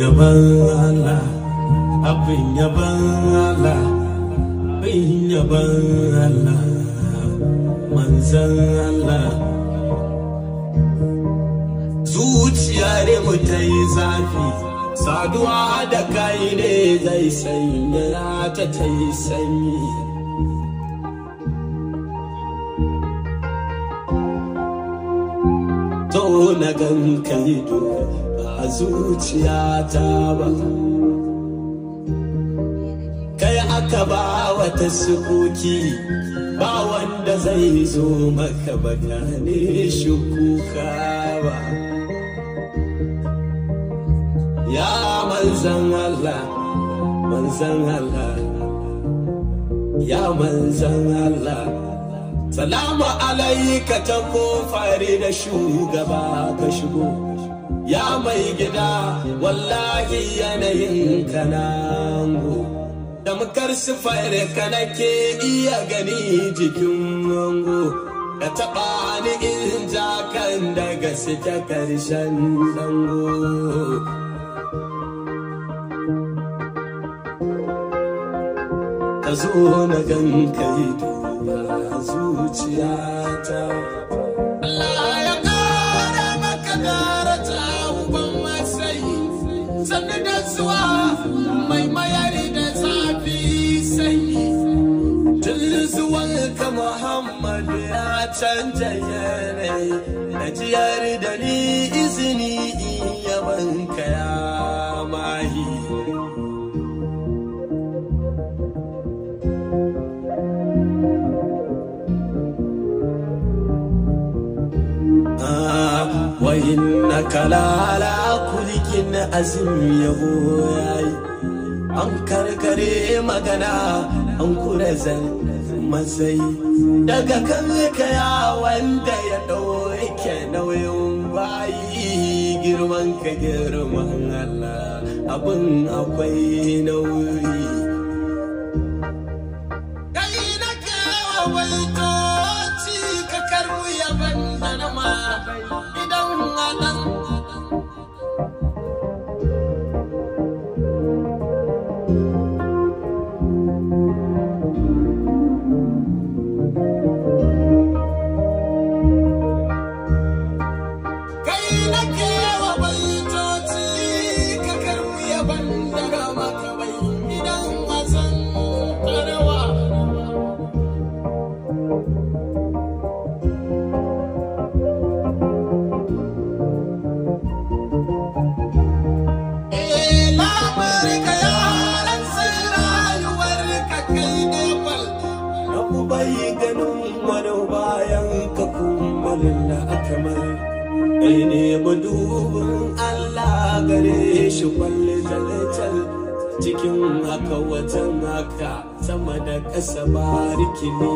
yaban Allah abin yaban Allah Allah Allah zuciya ne mu ta yi zafi saduwa da kai ne zai sanya ta ta yi sanyi so na ganka ido ba a zuciya ta ba kai aka ba wata sukuki ba wanda zai zo maka ba ne shi kuka ba ya manzan Allah manzan Allah ya manzan Allah salamu alaika ta fare da shugaba ka shigo ya mai gida wallahi yanayin kanango damkar sifar ka nake iya gani jikin mango ka taɓa ni in kan daga suke karshen dango ka zo na gan kai zuciyata Allah ya kara maka kara ta uban matsayi da zuwa mai mayari da zafi sanyi tun zuwan ka Muhammad ya canja yanayi na jiyar da ni wa'inakala alakulikin azim yabo ya yi an karkare magana an kura zan matsayi daga kan ka ya wanda ya ɗauke nauyin bayi girman ka girman allah abin akwai nauyi in the kai ne madubin Allah gare shi kwalle zalacal cikin haka wajen haka sama da ƙasa ba rikini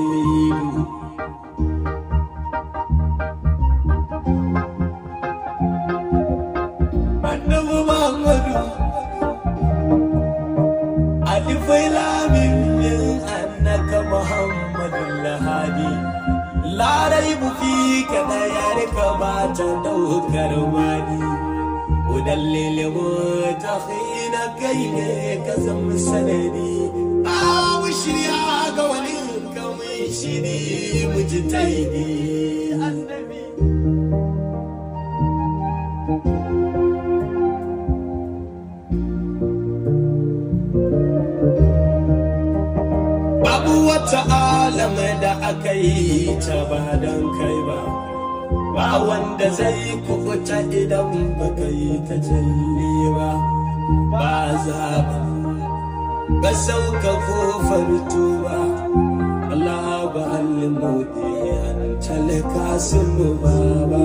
karwani udalle le wo tahina kayne kasam sanani a mushriya ga wani ka mushini mujtaidi annabi babu wata alama da aka yi ta ba don kai ba ba wanda zai kubuta idan ba yi ta jalli ba ba zaba ba sauka ko farto ba Allah ba halin mauɗi an talaka sun ba ba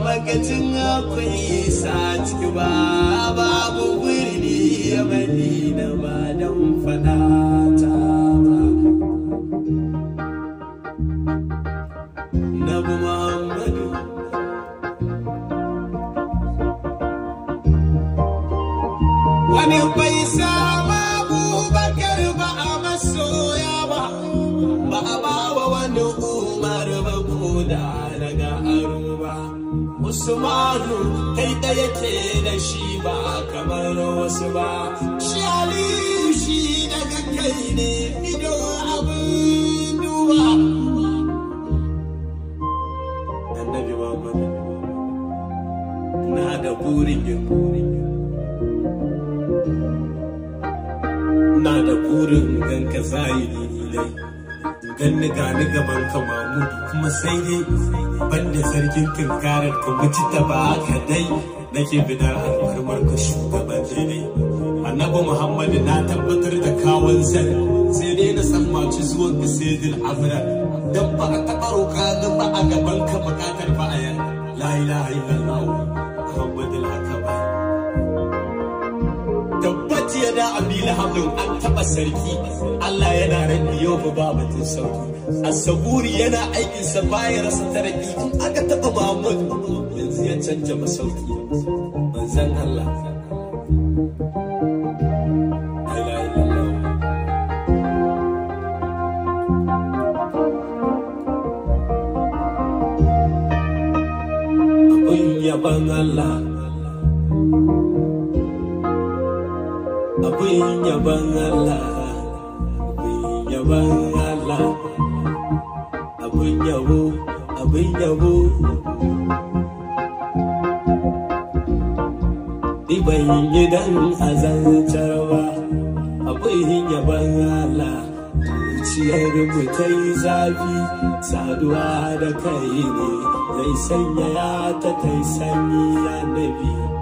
bakacin akwai isa ciki ba babu birni ya na ba don fada ta ba nabi muhammadu wani bai sa usmanu kai da yake da shi ba kamar wasu ba shi aliyu shi da kai ne ido abin duba annabi ba na da burin yin na da burin gan ka zahiri ne gan ni ga ni gaban ka mamudu kuma sai dai banda sarkin tunkarar ku muci ta ba ka dai nake bidar alfarmar ku shugaban daidai annabi muhammadu na tabbatar da kawon zan sai dai na san mace zuwan ka sai dil abrar dan ba taba roka ga ba a gaban ka buƙatar ba a yan la ilaha illallah muhammadul haka yana abi lahabin an taba sarki Allah yana rabbi yau fa ba batun sauki asaburi yana aikin sa rasa taraki aka taba Muhammad yanzu ya canja masauki manzon Allah Allah abin yaban Allah abin yaban Allah abin yabo abin yabo Iban gidan azancar ba abin yaban Allah ciyar mu ta yi zafi saduwa da kai ne zai sanya ya ta kai sanyi ya nabi